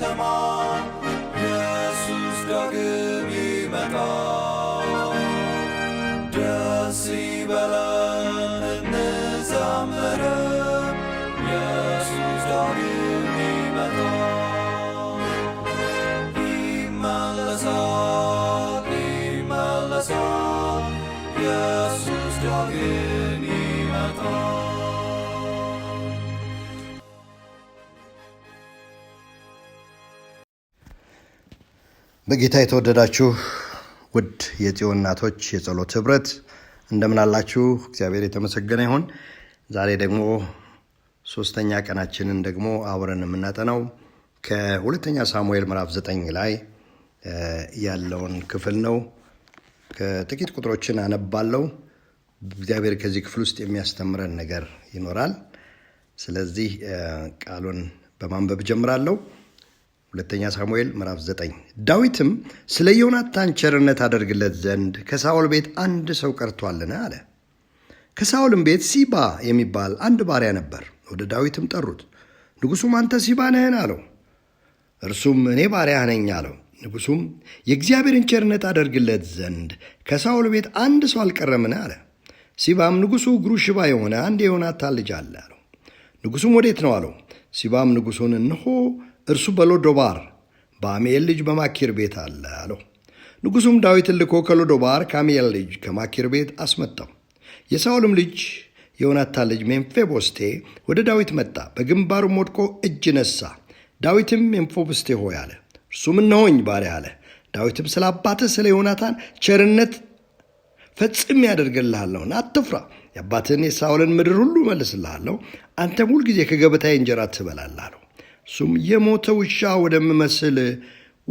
on. በጌታ የተወደዳችሁ ውድ የጽዮን እናቶች የጸሎት ህብረት እንደምን አላችሁ? እግዚአብሔር የተመሰገነ ይሁን። ዛሬ ደግሞ ሶስተኛ ቀናችንን ደግሞ አብረን የምናጠናው ከሁለተኛ ሳሙኤል ምዕራፍ ዘጠኝ ላይ ያለውን ክፍል ነው። ከጥቂት ቁጥሮችን አነባለው። እግዚአብሔር ከዚህ ክፍል ውስጥ የሚያስተምረን ነገር ይኖራል። ስለዚህ ቃሉን በማንበብ ጀምራለሁ። ሁለተኛ ሳሙኤል ምዕራፍ 9 ዳዊትም ስለ ዮናታን ቸርነት አደርግለት ዘንድ ከሳኦል ቤት አንድ ሰው ቀርቷልን አለ። ከሳኦልም ቤት ሲባ የሚባል አንድ ባሪያ ነበር። ወደ ዳዊትም ጠሩት። ንጉሡም አንተ ሲባ ነህን አለው። እርሱም እኔ ባሪያህ ነኝ አለው። ንጉሡም የእግዚአብሔርን ቸርነት አደርግለት ዘንድ ከሳኦል ቤት አንድ ሰው አልቀረምን አለ። ሲባም ንጉሡ እግሩ ሽባ የሆነ አንድ የዮናታን ልጅ አለ አለው። ንጉሡም ወዴት ነው አለው። ሲባም ንጉሡን እንሆ እርሱ በሎዶባር በአሚኤል ልጅ በማኪር ቤት አለ አለው። ንጉሡም ዳዊትን ልኮ ከሎዶባር ከአሚኤል ልጅ ከማኪር ቤት አስመጣው። የሳውልም ልጅ የዮናታን ልጅ ሜምፊቦስቴ ወደ ዳዊት መጣ፣ በግንባሩም ወድቆ እጅ ነሳ። ዳዊትም ሜምፊቦስቴ ሆይ አለ። እርሱም እነሆኝ ባሪያ አለ። ዳዊትም ስለ አባትህ ስለ ዮናታን ቸርነት ፈጽም ያደርግልሃለሁና አትፍራ። የአባትህን የሳውልን ምድር ሁሉ እመልስልሃለሁ፣ አንተም ሁልጊዜ ከገበታዬ እንጀራ ትበላለህ አለው። እሱም የሞተ ውሻ ወደምመስል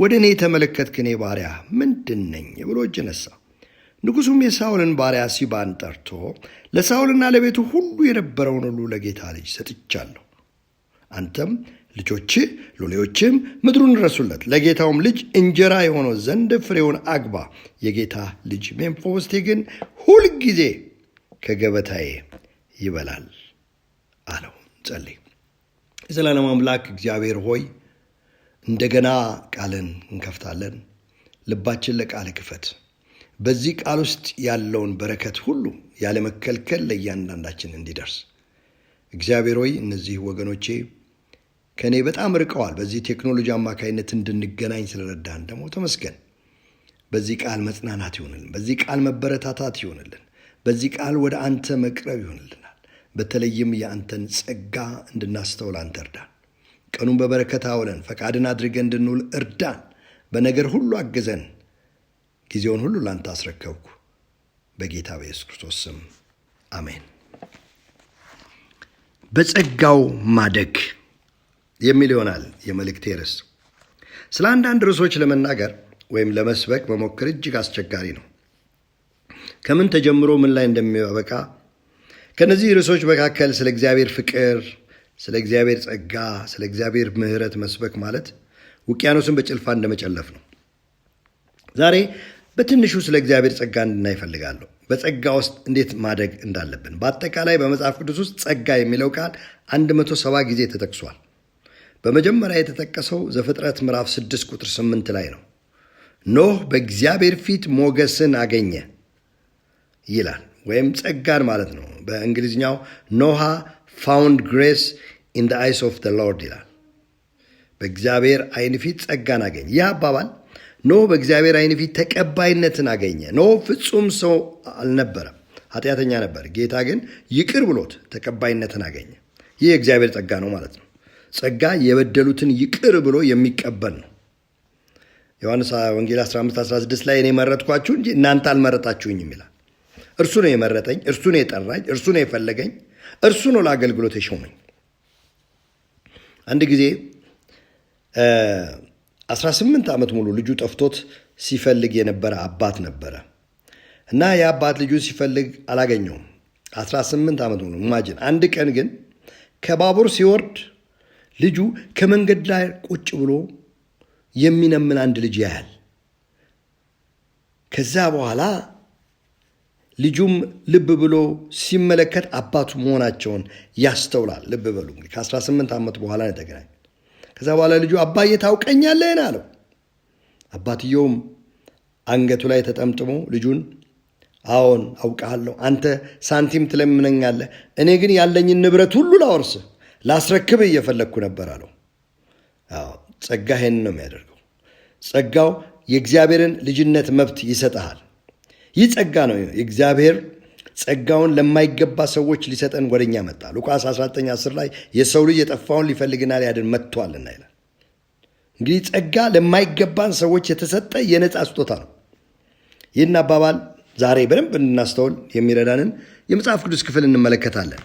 ወደ እኔ የተመለከትክኔ ባሪያ ምንድን ነኝ ብሎ እጅ ነሳ። ንጉሡም የሳውልን ባሪያ ሲባን ጠርቶ ለሳውልና ለቤቱ ሁሉ የነበረውን ሁሉ ለጌታ ልጅ ሰጥቻለሁ። አንተም ልጆችህ ሎሌዎችም ምድሩን ረሱለት፣ ለጌታውም ልጅ እንጀራ የሆነው ዘንድ ፍሬውን አግባ። የጌታ ልጅ ሜምፎስቴ ግን ሁልጊዜ ከገበታዬ ይበላል አለው። ጸልይ የዘላለም አምላክ እግዚአብሔር ሆይ እንደገና ቃልን እንከፍታለን። ልባችን ለቃል ክፈት። በዚህ ቃል ውስጥ ያለውን በረከት ሁሉ ያለመከልከል ለእያንዳንዳችን እንዲደርስ እግዚአብሔር ሆይ እነዚህ ወገኖቼ ከእኔ በጣም ርቀዋል። በዚህ ቴክኖሎጂ አማካይነት እንድንገናኝ ስለረዳን ደግሞ ተመስገን። በዚህ ቃል መጽናናት ይሆንልን። በዚህ ቃል መበረታታት ይሆንልን። በዚህ ቃል ወደ አንተ መቅረብ ይሆንልን። በተለይም የአንተን ጸጋ እንድናስተውል አንተ እርዳን። ቀኑን በበረከት አውለን፣ ፈቃድን አድርገን እንድንውል እርዳን። በነገር ሁሉ አግዘን። ጊዜውን ሁሉ ላንተ አስረከብኩ፣ በጌታ በኢየሱስ ክርስቶስ ስም አሜን። በጸጋው ማደግ የሚል ይሆናል የመልእክቴ ርዕስ። ስለ አንዳንድ ርዕሶች ለመናገር ወይም ለመስበክ መሞከር እጅግ አስቸጋሪ ነው። ከምን ተጀምሮ ምን ላይ እንደሚያበቃ ከነዚህ ርዕሶች መካከል ስለ እግዚአብሔር ፍቅር፣ ስለ እግዚአብሔር ጸጋ፣ ስለ እግዚአብሔር ምሕረት መስበክ ማለት ውቅያኖስን በጭልፋ እንደመጨለፍ ነው። ዛሬ በትንሹ ስለ እግዚአብሔር ጸጋ እንድናይ እፈልጋለሁ። በጸጋ ውስጥ እንዴት ማደግ እንዳለብን። በአጠቃላይ በመጽሐፍ ቅዱስ ውስጥ ጸጋ የሚለው ቃል 170 ጊዜ ተጠቅሷል። በመጀመሪያ የተጠቀሰው ዘፍጥረት ምዕራፍ 6 ቁጥር 8 ላይ ነው። ኖህ በእግዚአብሔር ፊት ሞገስን አገኘ ይላል። ወይም ጸጋን ማለት ነው። በእንግሊዝኛው ኖሃ ፋውንድ ግሬስ ኢን ዘ አይስ ኦፍ ዘ ሎርድ ይላል። በእግዚአብሔር ዓይን ፊት ጸጋን አገኘ። ይህ አባባል ኖህ በእግዚአብሔር ዓይን ፊት ተቀባይነትን አገኘ። ኖህ ፍጹም ሰው አልነበረም፣ ኃጢአተኛ ነበር። ጌታ ግን ይቅር ብሎት ተቀባይነትን አገኘ። ይህ የእግዚአብሔር ጸጋ ነው ማለት ነው። ጸጋ የበደሉትን ይቅር ብሎ የሚቀበል ነው። ዮሐንስ ወንጌል 15 16 ላይ እኔ መረጥኳችሁ እንጂ እናንተ አልመረጣችሁኝም ይላል። እርሱ ነው የመረጠኝ፣ እርሱ ነው የጠራኝ፣ እርሱ ነው የፈለገኝ፣ እርሱ ነው ለአገልግሎት የሾመኝ። አንድ ጊዜ 18 ዓመት ሙሉ ልጁ ጠፍቶት ሲፈልግ የነበረ አባት ነበረ እና የአባት ልጁ ሲፈልግ አላገኘውም። 18 ዓመት ሙሉ ማጅን። አንድ ቀን ግን ከባቡር ሲወርድ ልጁ ከመንገድ ላይ ቁጭ ብሎ የሚነምን አንድ ልጅ ያያል። ከዛ በኋላ ልጁም ልብ ብሎ ሲመለከት አባቱ መሆናቸውን ያስተውላል። ልብ በሉ እንግዲህ ከ18 ዓመት በኋላ ነው ከዛ በኋላ ልጁ አባዬ ታውቀኛለህን አለው። አባትየውም አንገቱ ላይ ተጠምጥሞ ልጁን አዎን አውቀሃለሁ፣ አንተ ሳንቲም ትለምነኛለህ፣ እኔ ግን ያለኝን ንብረት ሁሉ ላወርስ ላስረክብ እየፈለግኩ ነበር አለው። ጸጋ ይህን ነው የሚያደርገው። ጸጋው የእግዚአብሔርን ልጅነት መብት ይሰጠሃል። ይህ ጸጋ ነው። እግዚአብሔር ጸጋውን ለማይገባ ሰዎች ሊሰጠን ወደኛ መጣ። ሉቃስ 19፥10 ላይ የሰው ልጅ የጠፋውን ሊፈልግና ሊያድን መጥቷልና ይላል። እንግዲህ ጸጋ ለማይገባን ሰዎች የተሰጠ የነፃ ስጦታ ነው። ይህን አባባል ዛሬ በደንብ እንድናስተውል የሚረዳንን የመጽሐፍ ቅዱስ ክፍል እንመለከታለን።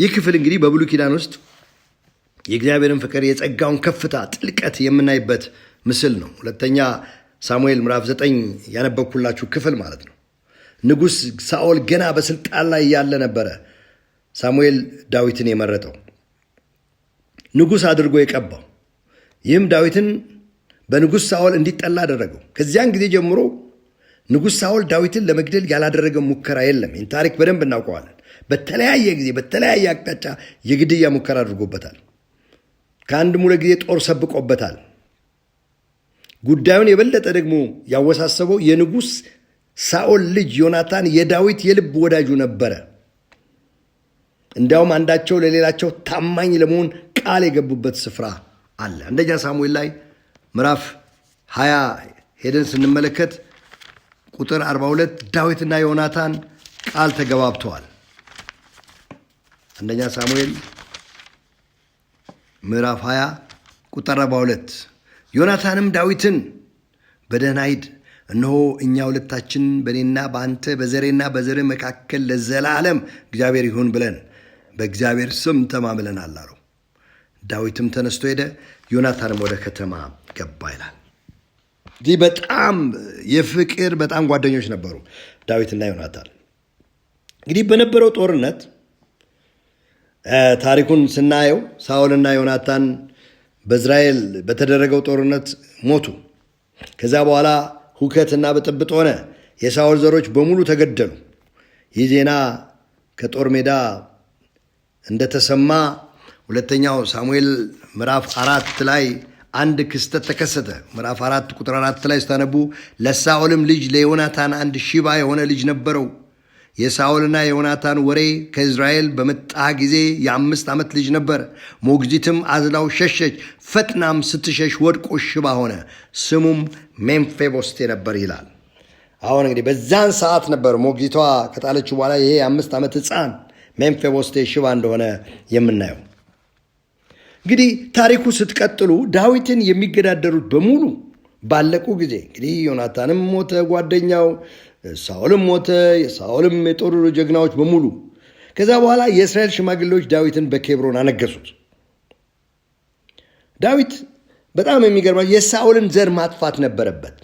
ይህ ክፍል እንግዲህ በብሉ ኪዳን ውስጥ የእግዚአብሔርን ፍቅር፣ የጸጋውን ከፍታ ጥልቀት የምናይበት ምስል ነው። ሁለተኛ ሳሙኤል ምዕራፍ ዘጠኝ ያነበብኩላችሁ ክፍል ማለት ነው። ንጉሥ ሳኦል ገና በስልጣን ላይ ያለ ነበረ ሳሙኤል ዳዊትን የመረጠው ንጉሥ አድርጎ የቀባው። ይህም ዳዊትን በንጉሥ ሳኦል እንዲጠላ አደረገው። ከዚያን ጊዜ ጀምሮ ንጉሥ ሳኦል ዳዊትን ለመግደል ያላደረገ ሙከራ የለም። ይህን ታሪክ በደንብ እናውቀዋለን። በተለያየ ጊዜ በተለያየ አቅጣጫ የግድያ ሙከራ አድርጎበታል። ከአንድ ሙለ ጊዜ ጦር ሰብቆበታል። ጉዳዩን የበለጠ ደግሞ ያወሳሰበው የንጉሥ ሳኦል ልጅ ዮናታን የዳዊት የልብ ወዳጁ ነበረ። እንዲያውም አንዳቸው ለሌላቸው ታማኝ ለመሆን ቃል የገቡበት ስፍራ አለ። አንደኛ ሳሙኤል ላይ ምዕራፍ ሀያ ሄደን ስንመለከት ቁጥር 42 ዳዊትና ዮናታን ቃል ተገባብተዋል። አንደኛ ሳሙኤል ምዕራፍ 20 ቁጥር 42 ዮናታንም ዳዊትን በደህና ሂድ፣ እነሆ እኛ ሁለታችን በእኔና በአንተ በዘሬና በዘሬ መካከል ለዘላለም እግዚአብሔር ይሁን ብለን በእግዚአብሔር ስም ተማምለናል አለው። ዳዊትም ተነስቶ ሄደ፣ ዮናታንም ወደ ከተማ ገባ ይላል። እዚህ በጣም የፍቅር በጣም ጓደኞች ነበሩ ዳዊትና ዮናታን። እንግዲህ በነበረው ጦርነት ታሪኩን ስናየው ሳውልና ዮናታን በእስራኤል በተደረገው ጦርነት ሞቱ። ከዛ በኋላ ሁከትና ብጥብጥ ሆነ። የሳውል ዘሮች በሙሉ ተገደሉ። ይህ ዜና ከጦር ሜዳ እንደተሰማ ሁለተኛው ሳሙኤል ምዕራፍ አራት ላይ አንድ ክስተት ተከሰተ። ምዕራፍ አራት ቁጥር አራት ላይ ስታነቡ ለሳኦልም ልጅ ለዮናታን አንድ ሺባ የሆነ ልጅ ነበረው የሳኦልና የዮናታን ወሬ ከእዝራኤል በመጣ ጊዜ የአምስት ዓመት ልጅ ነበር። ሞግዚትም አዝላው ሸሸች። ፈጥናም ስትሸሽ ወድቆ ሽባ ሆነ። ስሙም ሜምፊቦስቴ ነበር ይላል። አሁን እንግዲህ በዛን ሰዓት ነበር ሞግዚቷ ከጣለች በኋላ ይሄ የአምስት ዓመት ሕፃን ሜምፊቦስቴ ሽባ እንደሆነ የምናየው። እንግዲህ ታሪኩ ስትቀጥሉ ዳዊትን የሚገዳደሩት በሙሉ ባለቁ ጊዜ እንግዲህ ዮናታንም ሞተ፣ ጓደኛው ሳኦልም ሞተ፣ የሳኦልም የጦር ጀግናዎች በሙሉ። ከዛ በኋላ የእስራኤል ሽማግሌዎች ዳዊትን በኬብሮን አነገሱት። ዳዊት በጣም የሚገርማቸው የሳኦልን ዘር ማጥፋት ነበረበት።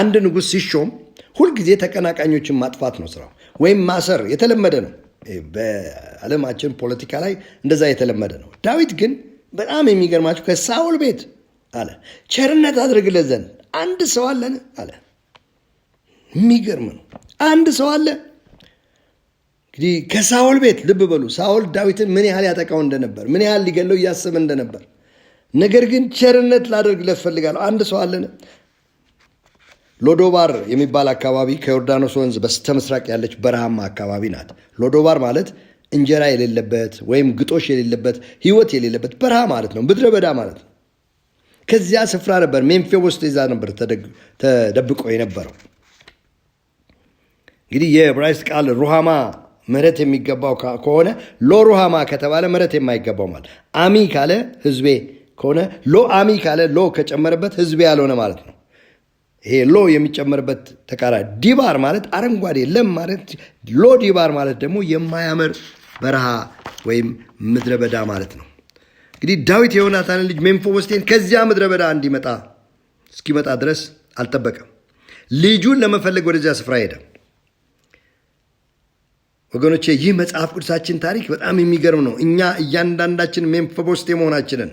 አንድ ንጉሥ ሲሾም ሁልጊዜ ተቀናቃኞችን ማጥፋት ነው ስራው፣ ወይም ማሰር የተለመደ ነው። በዓለማችን ፖለቲካ ላይ እንደዛ የተለመደ ነው። ዳዊት ግን በጣም የሚገርማቸው ከሳኦል ቤት አለ ቸርነት አድርግለት ዘንድ አንድ ሰው አለን አለ የሚገርም ነው። አንድ ሰው አለ እንግዲህ ከሳውል ቤት ልብ በሉ፣ ሳውል ዳዊትን ምን ያህል ያጠቃው እንደነበር፣ ምን ያህል ሊገለው እያሰበ እንደነበር፣ ነገር ግን ቸርነት ላደርግ እፈልጋለሁ። አንድ ሰው አለን ሎዶባር የሚባል አካባቢ ከዮርዳኖስ ወንዝ በስተምስራቅ ያለች በረሃማ አካባቢ ናት። ሎዶባር ማለት እንጀራ የሌለበት ወይም ግጦሽ የሌለበት ህይወት የሌለበት በረሃ ማለት ነው። ምድረ በዳ ማለት ነው። ከዚያ ስፍራ ነበር ውስጥ እዛ ነበር ተደብቆ የነበረው። እንግዲህ የዕብራይስጥ ቃል ሩሃማ ምሕረት የሚገባው ከሆነ ሎ ሩሃማ ከተባለ ምሕረት የማይገባው ማለት አሚ ካለ ህዝቤ ከሆነ ሎ አሚ ካለ ሎ ከጨመረበት ህዝቤ ያልሆነ ማለት ነው። ይሄ ሎ የሚጨመርበት ተቃራኒ ዲባር ማለት አረንጓዴ ለም ማለት ሎ ዲባር ማለት ደግሞ የማያምር በረሃ ወይም ምድረ በዳ ማለት ነው። እንግዲህ ዳዊት የዮናታንን ልጅ ሜምፊቦስቴን ከዚያ ምድረ በዳ እንዲመጣ እስኪመጣ ድረስ አልጠበቀም። ልጁን ለመፈለግ ወደዚያ ስፍራ ሄደም። ወገኖቼ ይህ መጽሐፍ ቅዱሳችን ታሪክ በጣም የሚገርም ነው። እኛ እያንዳንዳችን ሜምፊቦስቴ መሆናችንን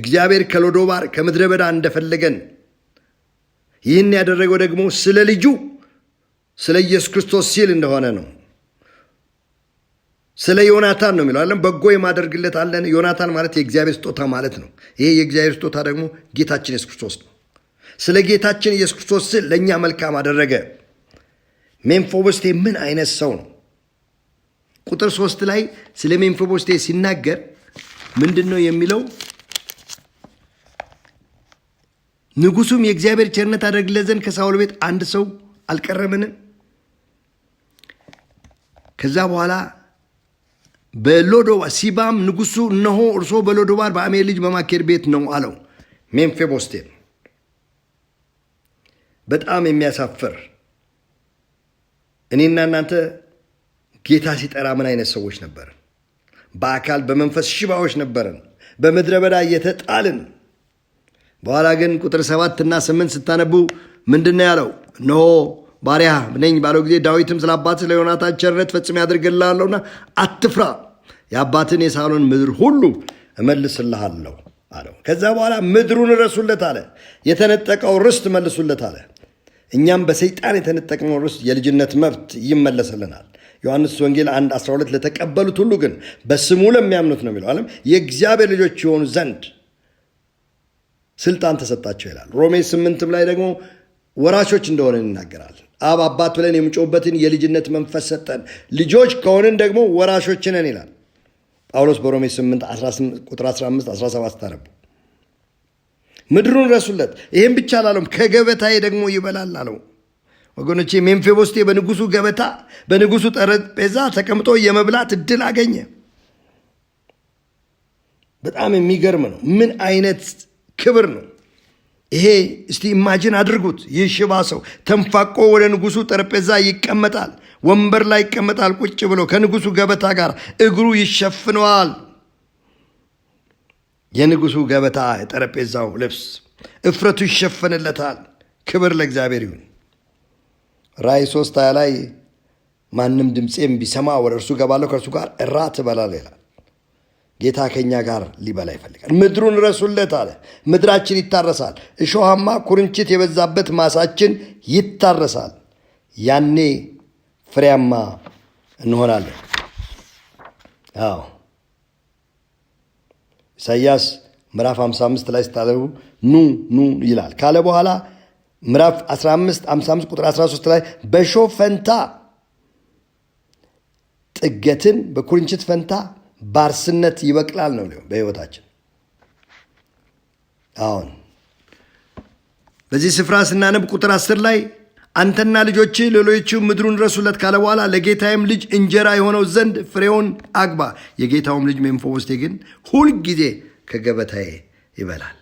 እግዚአብሔር ከሎዶባር ከምድረ በዳ እንደፈለገን ይህን ያደረገው ደግሞ ስለ ልጁ ስለ ኢየሱስ ክርስቶስ ሲል እንደሆነ ነው። ስለ ዮናታን ነው የሚለው በጎ የማደርግለት አለን። ዮናታን ማለት የእግዚአብሔር ስጦታ ማለት ነው። ይሄ የእግዚአብሔር ስጦታ ደግሞ ጌታችን ኢየሱስ ክርስቶስ ነው። ስለ ጌታችን ኢየሱስ ክርስቶስ ስል ለእኛ መልካም አደረገ። ሜምፊቦስቴ ምን አይነት ሰው ነው? ቁጥር ሶስት ላይ ስለ ሜምፊቦስቴ ሲናገር ምንድን ነው የሚለው? ንጉሱም የእግዚአብሔር ቸርነት አደረግለት ዘንድ ከሳውል ቤት አንድ ሰው አልቀረምንም? ከዛ በኋላ በሎዶባ ሲባም ንጉሱ እነሆ እርሶ በሎዶባር በአሜር ልጅ በማኬር ቤት ነው አለው። ሜምፊቦስቴ በጣም የሚያሳፍር እኔና እናንተ ጌታ ሲጠራ ምን አይነት ሰዎች ነበርን? በአካል በመንፈስ ሽባዎች ነበርን፣ በምድረ በዳ እየተጣልን። በኋላ ግን ቁጥር ሰባት እና ስምንት ስታነቡ ምንድን ነው ያለው? እነሆ ባሪያ ነኝ ባለው ጊዜ ዳዊትም ስለ አባት ስለ ዮናታን ቸርነት ፈጽሜ ያደርግልሃለሁና አትፍራ፣ የአባትን የሳሎን ምድር ሁሉ እመልስልሃለሁ አለው። ከዛ በኋላ ምድሩን እረሱለት አለ። የተነጠቀው ርስት መልሱለት አለ። እኛም በሰይጣን የተነጠቅነው ርስት የልጅነት መብት ይመለስልናል። ዮሐንስ ወንጌል 1 12 ለተቀበሉት ሁሉ ግን በስሙ ለሚያምኑት ነው የሚለው አለም የእግዚአብሔር ልጆች የሆኑ ዘንድ ስልጣን ተሰጣቸው ይላል። ሮሜ ስምንትም ላይ ደግሞ ወራሾች እንደሆነ ይናገራል። አብ አባት ብለን የምጮበትን የልጅነት መንፈስ ሰጠን። ልጆች ከሆንን ደግሞ ወራሾች ነን ይላል ጳውሎስ በሮሜ 8 ቁጥር 15 17 ታነቡ። ምድሩን ረሱለት። ይህም ብቻ አላለም፣ ከገበታዬ ደግሞ ይበላል አለው። ወገኖች ሜምፊቦስቴ በንጉሱ ገበታ በንጉሱ ጠረጴዛ ተቀምጦ የመብላት እድል አገኘ። በጣም የሚገርም ነው። ምን አይነት ክብር ነው ይሄ? እስቲ ኢማጅን አድርጉት። ይህ ሽባ ሰው ተንፋቆ ወደ ንጉሱ ጠረጴዛ ይቀመጣል፣ ወንበር ላይ ይቀመጣል። ቁጭ ብሎ ከንጉሱ ገበታ ጋር እግሩ ይሸፍነዋል። የንጉሱ ገበታ የጠረጴዛው ልብስ እፍረቱ ይሸፈንለታል። ክብር ለእግዚአብሔር ይሁን። ራእይ ሶስት ሀያ ላይ ማንም ድምፄም ቢሰማ ወደ እርሱ ገባለሁ ከእርሱ ጋር እራት እበላለሁ ይላል። ጌታ ከእኛ ጋር ሊበላ ይፈልጋል። ምድሩን ረሱለት አለ። ምድራችን ይታረሳል። እሾሃማ ኩርንችት የበዛበት ማሳችን ይታረሳል። ያኔ ፍሬያማ እንሆናለን። አዎ ኢሳይያስ ምዕራፍ 55 ላይ ስታለቡ ኑ ኑ ይላል ካለ በኋላ ምዕራፍ 15 55 ቁጥር 13 ላይ በሾ ፈንታ ጥገትን በኩርንችት ፈንታ ባርስነት ይበቅላል ነው በህይወታችን አሁን በዚህ ስፍራ ስናነብ ቁጥር 10 ላይ አንተና ልጆች ሌሎቹ ምድሩን ረሱለት ካለ በኋላ ለጌታዬም ልጅ እንጀራ የሆነው ዘንድ ፍሬውን አግባ። የጌታውም ልጅ ሜምፊቦስቴ ግን ሁልጊዜ ከገበታዬ ይበላል።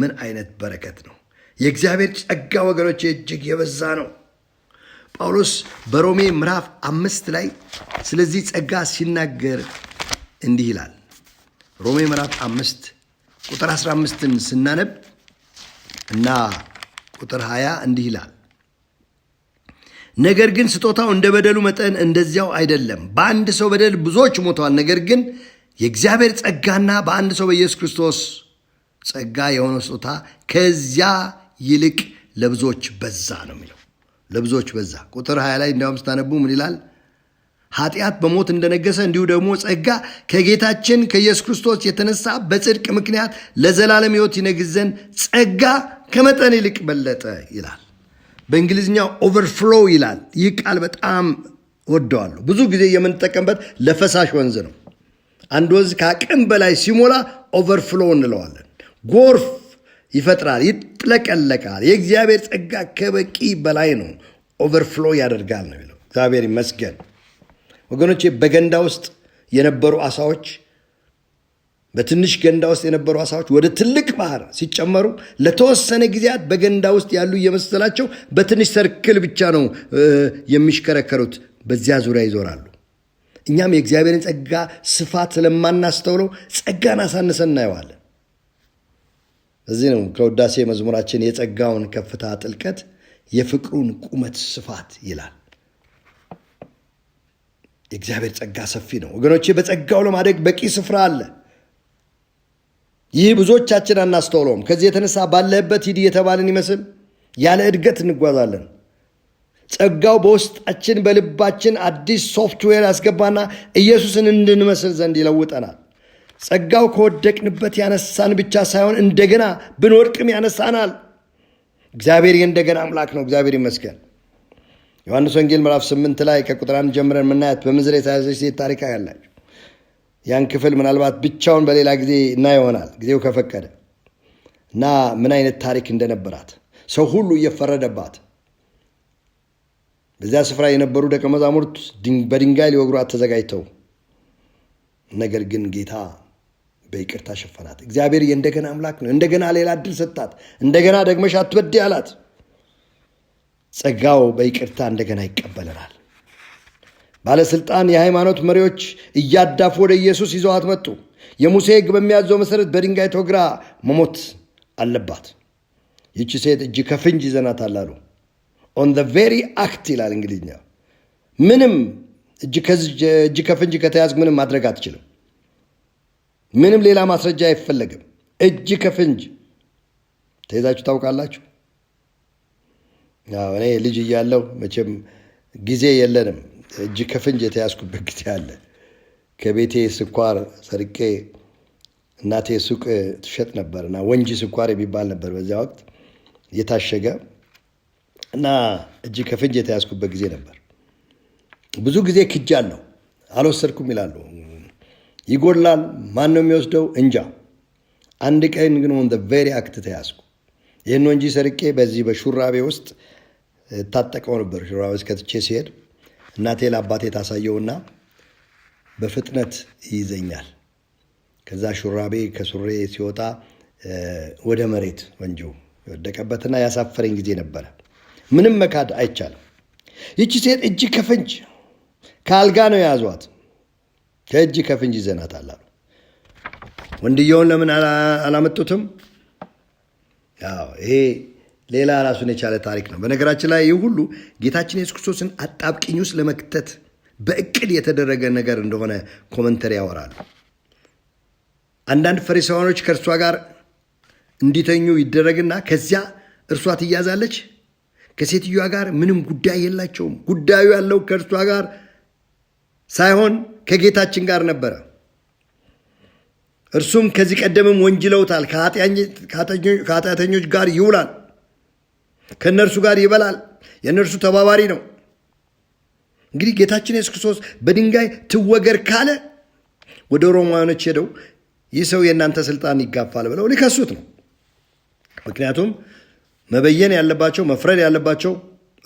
ምን አይነት በረከት ነው! የእግዚአብሔር ጸጋ ወገኖች እጅግ የበዛ ነው። ጳውሎስ በሮሜ ምዕራፍ አምስት ላይ ስለዚህ ጸጋ ሲናገር እንዲህ ይላል። ሮሜ ምዕራፍ አምስት ቁጥር 15ን ስናነብ እና ቁጥር 20 እንዲህ ይላል ነገር ግን ስጦታው እንደ በደሉ መጠን እንደዚያው አይደለም። በአንድ ሰው በደል ብዙዎች ሞተዋል። ነገር ግን የእግዚአብሔር ጸጋና በአንድ ሰው በኢየሱስ ክርስቶስ ጸጋ የሆነው ስጦታ ከዚያ ይልቅ ለብዙዎች በዛ ነው የሚለው። ለብዙዎች በዛ ቁጥር 20 ላይ እንዲያውም ስታነቡ ምን ይላል? ኃጢአት በሞት እንደነገሰ እንዲሁ ደግሞ ጸጋ ከጌታችን ከኢየሱስ ክርስቶስ የተነሳ በጽድቅ ምክንያት ለዘላለም ሕይወት ይነግስ ዘንድ ጸጋ ከመጠን ይልቅ በለጠ ይላል። በእንግሊዝኛው ኦቨርፍሎ ይላል። ይህ ቃል በጣም ወደዋለሁ። ብዙ ጊዜ የምንጠቀምበት ለፈሳሽ ወንዝ ነው። አንድ ወንዝ ከአቅም በላይ ሲሞላ ኦቨርፍሎ እንለዋለን። ጎርፍ ይፈጥራል፣ ይጥለቀለቃል። የእግዚአብሔር ጸጋ ከበቂ በላይ ነው፣ ኦቨርፍሎ ያደርጋል ነው የሚለው። እግዚአብሔር ይመስገን ወገኖቼ። በገንዳ ውስጥ የነበሩ አሳዎች በትንሽ ገንዳ ውስጥ የነበሩ አሳዎች ወደ ትልቅ ባህር ሲጨመሩ ለተወሰነ ጊዜያት በገንዳ ውስጥ ያሉ እየመሰላቸው በትንሽ ሰርክል ብቻ ነው የሚሽከረከሩት፣ በዚያ ዙሪያ ይዞራሉ። እኛም የእግዚአብሔርን ጸጋ ስፋት ስለማናስተውለው ጸጋን አሳንሰን እናየዋለን። እዚህ ነው ከውዳሴ መዝሙራችን የጸጋውን ከፍታ ጥልቀት የፍቅሩን ቁመት ስፋት ይላል። የእግዚአብሔር ጸጋ ሰፊ ነው ወገኖቼ። በጸጋው ለማደግ በቂ ስፍራ አለ። ይህ ብዙዎቻችን አናስተውለውም። ከዚህ የተነሳ ባለህበት ሂድ እየተባልን ይመስል ያለ እድገት እንጓዛለን። ጸጋው በውስጣችን በልባችን አዲስ ሶፍትዌር ያስገባና ኢየሱስን እንድንመስል ዘንድ ይለውጠናል። ጸጋው ከወደቅንበት ያነሳን ብቻ ሳይሆን እንደገና ብንወድቅም ያነሳናል። እግዚአብሔር እንደገና አምላክ ነው። እግዚአብሔር ይመስገን። ዮሐንስ ወንጌል ምዕራፍ ስምንት ላይ ከቁጥር አንድ ጀምረን የምናያት በምንዝር የተያዘች ሴት ታሪካ ያላችሁ ያን ክፍል ምናልባት ብቻውን በሌላ ጊዜ እና ይሆናል ጊዜው ከፈቀደ እና ምን አይነት ታሪክ እንደነበራት ሰው ሁሉ እየፈረደባት በዚያ ስፍራ የነበሩ ደቀ መዛሙርት በድንጋይ ሊወግሯት ተዘጋጅተው ነገር ግን ጌታ በይቅርታ ሸፈናት። እግዚአብሔር የእንደገና አምላክ ነው። እንደገና ሌላ እድል ሰጣት። እንደገና ደግመሽ አትበድ አላት። ጸጋው በይቅርታ እንደገና ይቀበለናል። ባለስልጣን የሃይማኖት መሪዎች እያዳፉ ወደ ኢየሱስ ይዘዋት መጡ። የሙሴ ሕግ በሚያዘው መሠረት በድንጋይ ተወግራ መሞት አለባት። ይቺ ሴት እጅ ከፍንጅ ይዘናታል አሉ። ኦን ዘ ቬሪ አክት ይላል እንግሊዝኛ። ምንም እጅ ከፍንጅ ከተያዝ ምንም ማድረግ አትችልም። ምንም ሌላ ማስረጃ አይፈለግም። እጅ ከፍንጅ ተይዛችሁ ታውቃላችሁ። እኔ ልጅ እያለው መቼም ጊዜ የለንም። እጅ ከፍንጅ የተያዝኩበት ጊዜ አለ። ከቤቴ ስኳር ሰርቄ እናቴ ሱቅ ትሸጥ ነበር እና ወንጂ ስኳር የሚባል ነበር በዚያ ወቅት እየታሸገ እና እጅ ከፍንጅ የተያዝኩበት ጊዜ ነበር። ብዙ ጊዜ ክጃለሁ፣ አልወሰድኩም ይላሉ ይጎላል። ማን ነው የሚወስደው? እንጃ። አንድ ቀን ግን ወን ቬሪ አክት ተያዝኩ። ይህን ወንጂ ሰርቄ በዚህ በሹራቤ ውስጥ እታጠቀው ነበር። ሹራቤ እስከትቼ ሲሄድ እናቴ ለአባቴ ታሳየውና በፍጥነት ይይዘኛል። ከዛ ሹራቤ ከሱሬ ሲወጣ ወደ መሬት ወንጆ የወደቀበትና ያሳፈረኝ ጊዜ ነበረ። ምንም መካድ አይቻልም። ይቺ ሴት እጅ ከፍንጅ ከአልጋ ነው የያዟት። ከእጅ ከፍንጅ ይዘናታል አሉ። ወንድየውን ለምን አላመጡትም? ይሄ ሌላ ራሱን የቻለ ታሪክ ነው። በነገራችን ላይ ይህ ሁሉ ጌታችን የሱስ ክርስቶስን አጣብቂኝ ውስጥ ለመክተት በእቅድ የተደረገ ነገር እንደሆነ ኮመንተሪ ያወራሉ። አንዳንድ ፈሪሳውያኖች ከእርሷ ጋር እንዲተኙ ይደረግና ከዚያ እርሷ ትያዛለች። ከሴትዮዋ ጋር ምንም ጉዳይ የላቸውም። ጉዳዩ ያለው ከእርሷ ጋር ሳይሆን ከጌታችን ጋር ነበረ። እርሱም ከዚህ ቀደምም ወንጅለውታል፣ ከኃጢአተኞች ጋር ይውላል፣ ከእነርሱ ጋር ይበላል፣ የእነርሱ ተባባሪ ነው። እንግዲህ ጌታችን ኢየሱስ ክርስቶስ በድንጋይ ትወገር ካለ ወደ ሮማኖች ሄደው ይህ ሰው የእናንተ ስልጣን ይጋፋል ብለው ሊከሱት ነው። ምክንያቱም መበየን ያለባቸው መፍረድ ያለባቸው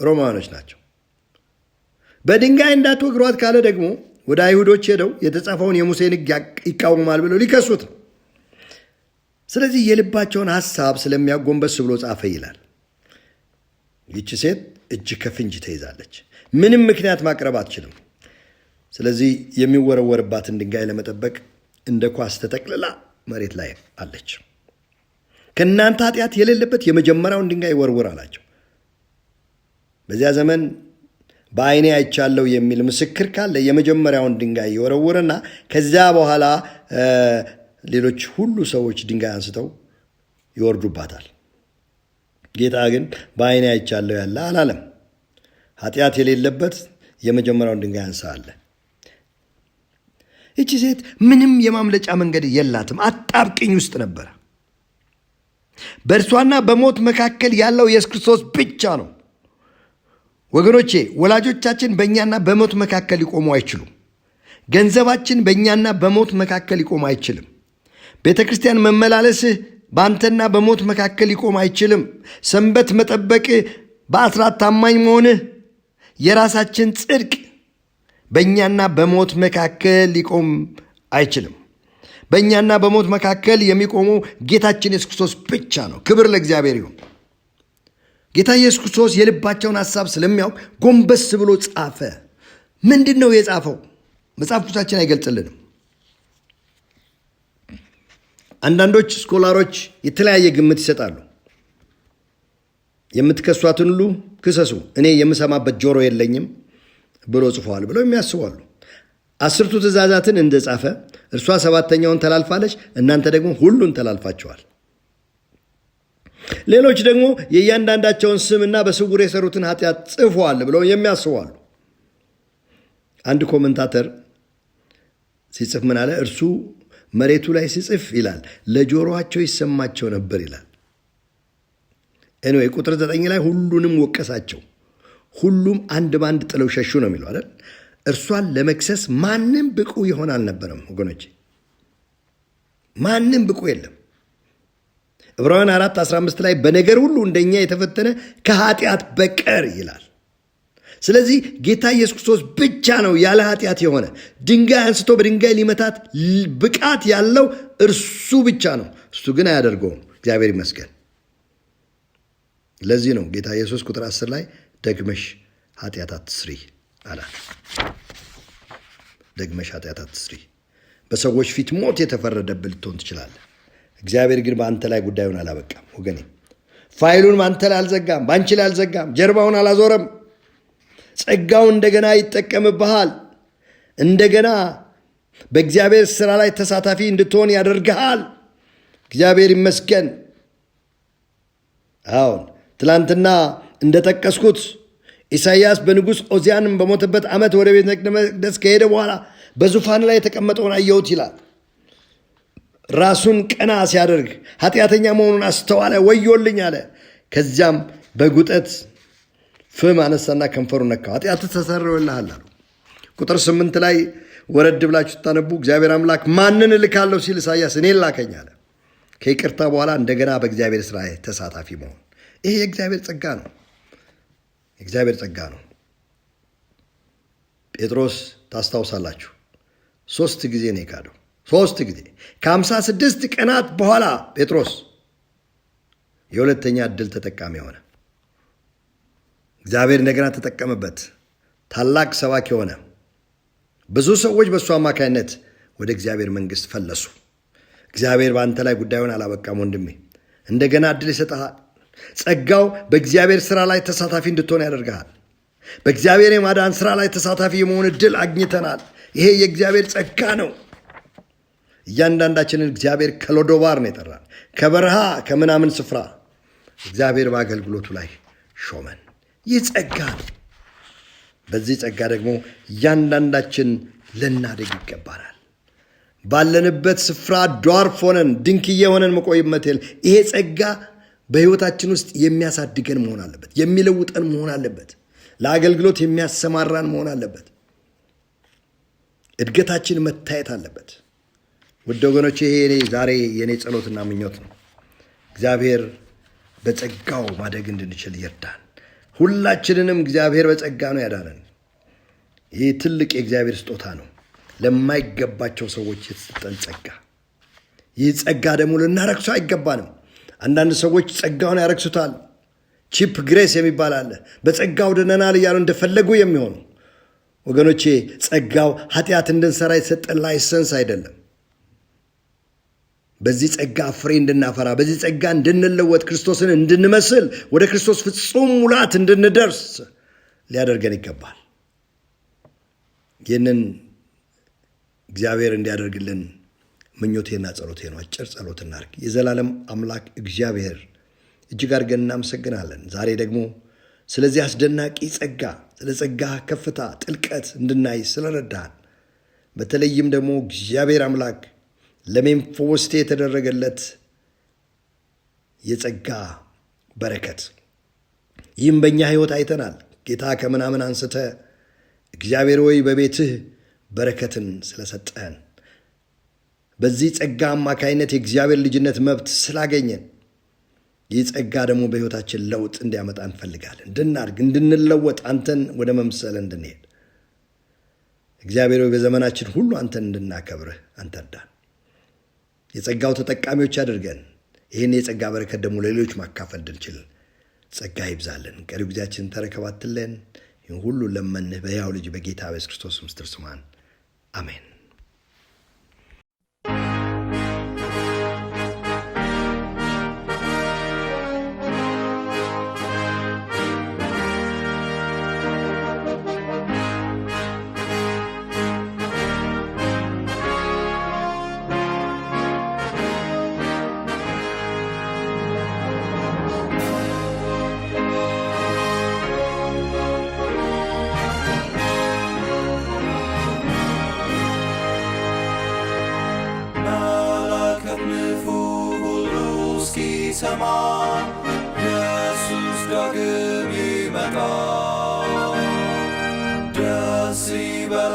ሮማውያኖች ናቸው። በድንጋይ እንዳትወግሯት ካለ ደግሞ ወደ አይሁዶች ሄደው የተጻፈውን የሙሴን ሕግ ይቃወማል ብለው ሊከሱት። ስለዚህ የልባቸውን ሐሳብ ስለሚያጎንበስ ብሎ ጻፈ ይላል። ይቺ ሴት እጅ ከፍንጅ ተይዛለች። ምንም ምክንያት ማቅረብ አትችልም። ስለዚህ የሚወረወርባትን ድንጋይ ለመጠበቅ እንደ ኳስ ተጠቅልላ መሬት ላይ አለች። ከእናንተ ኃጢአት የሌለበት የመጀመሪያውን ድንጋይ ወርውር አላቸው። በዚያ ዘመን በአይኔ አይቻለሁ የሚል ምስክር ካለ የመጀመሪያውን ድንጋይ ይወረውርና ከዚያ በኋላ ሌሎች ሁሉ ሰዎች ድንጋይ አንስተው ይወርዱባታል። ጌታ ግን በአይኔ አይቻለሁ ያለ አላለም። ኃጢአት የሌለበት የመጀመሪያውን ድንጋይ አንሳ አለ። ይቺ ሴት ምንም የማምለጫ መንገድ የላትም። አጣብቅኝ ውስጥ ነበረ። በእርሷና በሞት መካከል ያለው ኢየሱስ ክርስቶስ ብቻ ነው። ወገኖቼ ወላጆቻችን በእኛና በሞት መካከል ሊቆሙ አይችሉም። ገንዘባችን በእኛና በሞት መካከል ሊቆም አይችልም። ቤተ ክርስቲያን መመላለስህ በአንተና በሞት መካከል ሊቆም አይችልም። ሰንበት መጠበቅ በአስራት ታማኝ መሆንህ፣ የራሳችን ጽድቅ በእኛና በሞት መካከል ሊቆም አይችልም። በእኛና በሞት መካከል የሚቆመው ጌታችን ኢየሱስ ክርስቶስ ብቻ ነው። ክብር ለእግዚአብሔር ይሁን። ጌታ ኢየሱስ ክርስቶስ የልባቸውን ሐሳብ ስለሚያውቅ ጎንበስ ብሎ ጻፈ። ምንድን ነው የጻፈው? መጽሐፍ ቅዱሳችን አይገልጽልንም። አንዳንዶች ስኮላሮች የተለያየ ግምት ይሰጣሉ። የምትከሷትን ሁሉ ክሰሱ፣ እኔ የምሰማበት ጆሮ የለኝም ብሎ ጽፈዋል ብለው የሚያስቧሉ። አስርቱ ትእዛዛትን እንደጻፈ እርሷ ሰባተኛውን ተላልፋለች፣ እናንተ ደግሞ ሁሉን ተላልፋቸዋል? ሌሎች ደግሞ የእያንዳንዳቸውን ስምና በስውር የሰሩትን ኃጢአት ጽፏል ብለው የሚያስቧሉ። አንድ ኮመንታተር ሲጽፍ ምን አለ? እርሱ መሬቱ ላይ ሲጽፍ ይላል ለጆሮቸው ይሰማቸው ነበር ይላል። ኤኒዌይ ቁጥር ዘጠኝ ላይ ሁሉንም ወቀሳቸው። ሁሉም አንድ በአንድ ጥለው ሸሹ ነው የሚለው አይደል? እርሷን ለመክሰስ ማንም ብቁ ይሆን አልነበረም ወገኖች፣ ማንም ብቁ የለም። ዕብራውያን 4 15 ላይ በነገር ሁሉ እንደኛ የተፈተነ ከኃጢአት በቀር ይላል። ስለዚህ ጌታ ኢየሱስ ክርስቶስ ብቻ ነው ያለ ኃጢአት የሆነ ድንጋይ አንስቶ በድንጋይ ሊመታት ብቃት ያለው እርሱ ብቻ ነው። እሱ ግን አያደርገውም። እግዚአብሔር ይመስገን። ለዚህ ነው ጌታ ኢየሱስ ቁጥር 10 ላይ ደግመሽ ኃጢአት አትስሪ አላት። ደግመሽ ኃጢአት አትስሪ። በሰዎች ፊት ሞት የተፈረደብህ ልትሆን ትችላለህ። እግዚአብሔር ግን በአንተ ላይ ጉዳዩን አላበቃም ወገኔ። ፋይሉን በአንተ ላይ አልዘጋም፣ በአንቺ ላይ አልዘጋም፣ ጀርባውን አላዞረም። ጸጋው እንደገና ይጠቀምብሃል። እንደገና በእግዚአብሔር ስራ ላይ ተሳታፊ እንድትሆን ያደርግሃል። እግዚአብሔር ይመስገን። አሁን ትላንትና እንደጠቀስኩት ኢሳይያስ በንጉሥ ኦዚያንም በሞተበት ዓመት ወደ ቤተ መቅደስ ከሄደ በኋላ በዙፋን ላይ የተቀመጠውን አየሁት ይላል። ራሱን ቀና ሲያደርግ ኃጢአተኛ መሆኑን አስተዋለ። ወዮልኝ አለ። ከዚያም በጉጠት ፍም አነሳና ከንፈሩ ነካው። ኃጢአት ተሰርዮልሃል አሉ። ቁጥር ስምንት ላይ ወረድ ብላችሁ ታነቡ። እግዚአብሔር አምላክ ማንን እልካለሁ ሲል ኢሳያስ እኔን ላከኝ አለ። ከይቅርታ በኋላ እንደገና በእግዚአብሔር ስራ ተሳታፊ መሆን ይሄ የእግዚአብሔር ጸጋ ነው። የእግዚአብሔር ጸጋ ነው። ጴጥሮስ ታስታውሳላችሁ፣ ሶስት ጊዜ ነው የካደው ሶስት ጊዜ ከአምሳ ስድስት ቀናት በኋላ ጴጥሮስ የሁለተኛ እድል ተጠቃሚ ሆነ። እግዚአብሔር እንደገና ተጠቀመበት። ታላቅ ሰባኪ ሆነ። ብዙ ሰዎች በእሱ አማካይነት ወደ እግዚአብሔር መንግሥት ፈለሱ። እግዚአብሔር በአንተ ላይ ጉዳዩን አላበቃም ወንድሜ፣ እንደገና እድል ይሰጠሃል። ጸጋው በእግዚአብሔር ሥራ ላይ ተሳታፊ እንድትሆን ያደርግሃል። በእግዚአብሔር የማዳን ሥራ ላይ ተሳታፊ የመሆን እድል አግኝተናል። ይሄ የእግዚአብሔር ጸጋ ነው። እያንዳንዳችንን እግዚአብሔር ከሎዶባር ነው የጠራን፣ ከበረሃ ከምናምን ስፍራ እግዚአብሔር በአገልግሎቱ ላይ ሾመን። ይህ ጸጋ ነው። በዚህ ጸጋ ደግሞ እያንዳንዳችን ልናደግ ይገባናል። ባለንበት ስፍራ ዷርፍ ሆነን ድንክዬ ሆነን መቆየት ይሄ ጸጋ በሕይወታችን ውስጥ የሚያሳድገን መሆን አለበት። የሚለውጠን መሆን አለበት። ለአገልግሎት የሚያሰማራን መሆን አለበት። እድገታችን መታየት አለበት። ውድ ወገኖች ይሄ እኔ ዛሬ የእኔ ጸሎትና ምኞት ነው። እግዚአብሔር በጸጋው ማደግ እንድንችል ይርዳን። ሁላችንንም እግዚአብሔር በጸጋ ነው ያዳነን። ይህ ትልቅ የእግዚአብሔር ስጦታ ነው፣ ለማይገባቸው ሰዎች የተሰጠን ጸጋ። ይህ ጸጋ ደግሞ ልናረክሶ አይገባንም። አንዳንድ ሰዎች ጸጋውን ያረክሱታል። ቺፕ ግሬስ የሚባል አለ። በጸጋው ድነናል እያሉ እንደፈለጉ የሚሆኑ ወገኖቼ፣ ጸጋው ኃጢአት እንድንሰራ የተሰጠን ላይሰንስ አይደለም። በዚህ ጸጋ ፍሬ እንድናፈራ በዚህ ጸጋ እንድንለወጥ ክርስቶስን እንድንመስል ወደ ክርስቶስ ፍጹም ሙላት እንድንደርስ ሊያደርገን ይገባል። ይህንን እግዚአብሔር እንዲያደርግልን ምኞቴና ጸሎቴ ነው። አጭር ጸሎት እናርግ። የዘላለም አምላክ እግዚአብሔር እጅግ አድርገን እናመሰግናለን። ዛሬ ደግሞ ስለዚህ አስደናቂ ጸጋ፣ ስለ ጸጋ ከፍታ ጥልቀት እንድናይ ስለረዳን በተለይም ደግሞ እግዚአብሔር አምላክ ለሜምፎስቴ የተደረገለት የጸጋ በረከት ይህም በእኛ ህይወት አይተናል። ጌታ ከምናምን አንስተ እግዚአብሔር ወይ በቤትህ በረከትን ስለሰጠህን በዚህ ጸጋ አማካይነት የእግዚአብሔር ልጅነት መብት ስላገኘን ይህ ጸጋ ደግሞ በህይወታችን ለውጥ እንዲያመጣ እንፈልጋለን። እንድናድግ፣ እንድንለወጥ፣ አንተን ወደ መምሰል እንድንሄድ እግዚአብሔር ወይ በዘመናችን ሁሉ አንተን እንድናከብርህ አንተ እርዳን። የጸጋው ተጠቃሚዎች አድርገን ይህን የጸጋ በረከት ደግሞ ለሌሎች ማካፈል እንድንችል ጸጋ ይብዛለን። ቀሪ ጊዜያችን ተረከባትለን። ይህን ሁሉ ለመንህ በሕያው ልጅ በጌታ በኢየሱስ ክርስቶስ ምስጢር ስማን። አሜን። ሲሰማ ኢየሱስ ዳግም ይመጣ ደስ ይበላ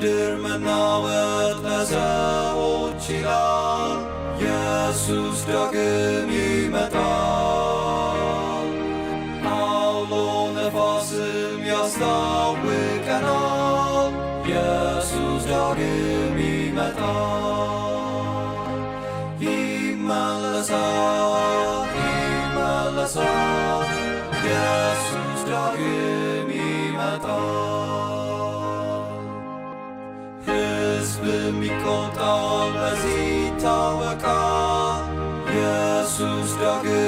ምድር መናወጥ ለሰዎች ይላል። ኢየሱስ ዳግም ይመጣል። አውሎ ነፋስም ያስታውቀናል። ኢየሱስ ዳግም ይመጣል። ይመለሳል ችሎታው ለዚህ ይታወቃል ኢየሱስ ዳግም